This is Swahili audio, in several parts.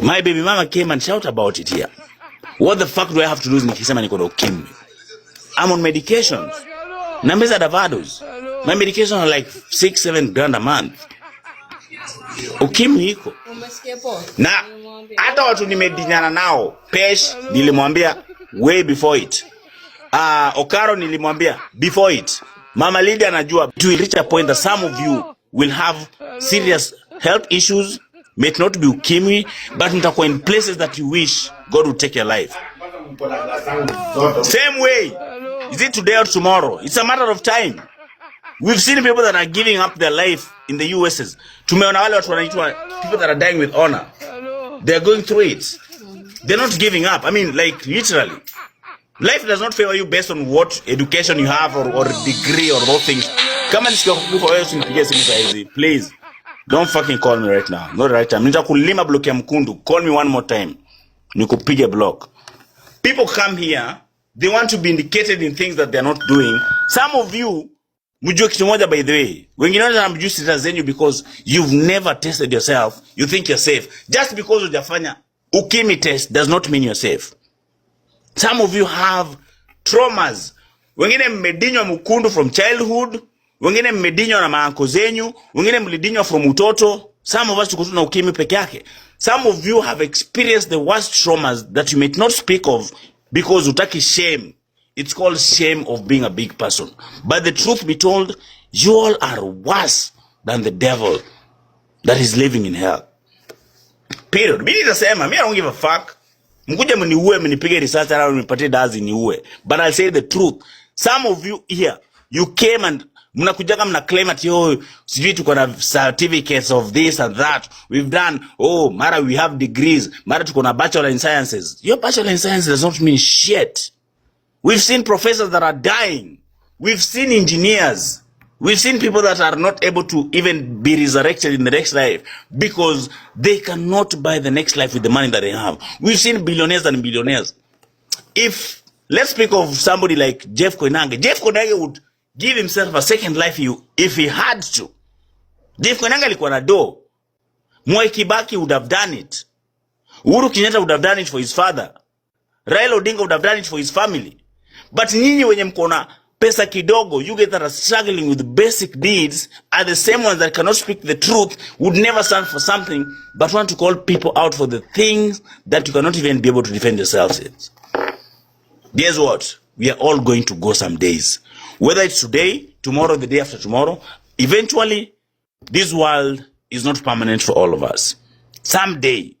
My baby mama came and shout about it here. What the fuck do I have to lose nikisema niko na ukimwi? I'm on medications. Na meza Davados. My medication are like 6 7 grand a month. Ukimwi iko. Na hata watu nimedinyana nao. Pesh nilimwambia way before it. Ah, uh, Okaro nilimwambia before it. Mama Lydia anajua to reach a point that some of you will have serious health issues may it not be ukimwi but mtakuwa in places that you wish God would take your life same way is it today or tomorrow it's a matter of time we've seen people that are giving up their life in the USS tumeona wale watu wanaitwa people that are dying with honor they're going through it they're not giving up i mean like literally life does not favor you based on what education you have or, or degree or those things kama nishikakufa please Don't fucking call me right now. Not right time. Nitakulima block ya mkundu. Call me one more time. Nikupige block. People come here, they want to be indicated in things that they are not doing. Some of you mjue kitu moja by the way. Wengine wao wanamjua sita zenyu because you've never tested yourself. You think you're safe. Just because ujafanya ukimi test does not mean you're safe. Some of you have traumas. Wengine mmedinywa mkundu from childhood wengine mmedinywa na maanko zenyu, wengine mlidinywa from utoto. Some of us tuko na ukimwi peke yake. Some of you have experienced the worst traumas that you may not speak of because utaki shame. It's called shame of being a big person. But the truth be told, you all are worse than the devil that is living in hell. Period. Mimi nitasema, mimi I don't give a fuck. Mkuje mniue, mnipige risasi au mnipatie dazi niue. But I'll say the truth. Some of you here, you came and Mnakujaga mna claim ati oh, sijui tuko na certificates of this and that we've done oh, mara we have degrees, mara tuko na bachelor in sciences. Your bachelor in sciences does not mean shit. We've seen professors that are dying. We've seen engineers. We've seen people that are not able to even be resurrected in the next life because they cannot buy the next life with the money that they have. We've seen billionaires and billionaires. If let's speak of somebody like Jeff Koinange, Jeff Koinange would give himself a second life you, if he had to. Jeff Kwenanga alikuwa na do. Mwai Kibaki would have done it. Uhuru Kenyatta would have done it for his father. Raila Odinga would have done it for his family. But nyinyi wenye mkona pesa kidogo, you get that are struggling with basic needs are the same ones that cannot speak the truth, would never stand for something, but want to call people out for the things that you cannot even be able to defend yourselves in. Guess what? we are all going to go some days whether it's today tomorrow the day after tomorrow eventually this world is not permanent for all of us someday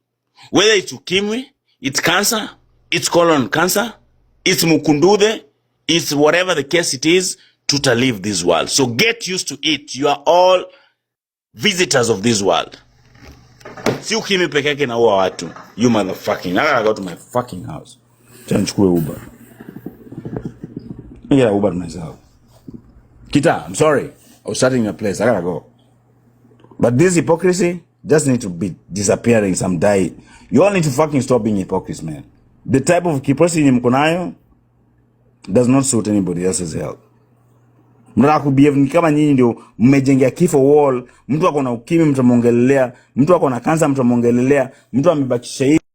whether it's ukimwi it's cancer it's colon cancer it's mukundudhe it's whatever the case it is to leave this world so get used to it you are all visitors of this world si ukimwi peke yake naua watu you motherfucking I gotta go to my fucking house chanichukue uber Yeah, Uber tunasahau. Kita, I'm sorry. I was starting in a place. I gotta go. But this hypocrisy just need to be disappearing some day. You all need to fucking stop being hypocrisy man. The type of hypocrisy mko nayo does not suit anybody else's health. Mnataka kubehave kama nyinyi ndio mmejengea kifo wall. Mtu ako ukimi mtu mtamwongelelea, mtu ako kansa mtu mtamwongelelea, mtu amebakisha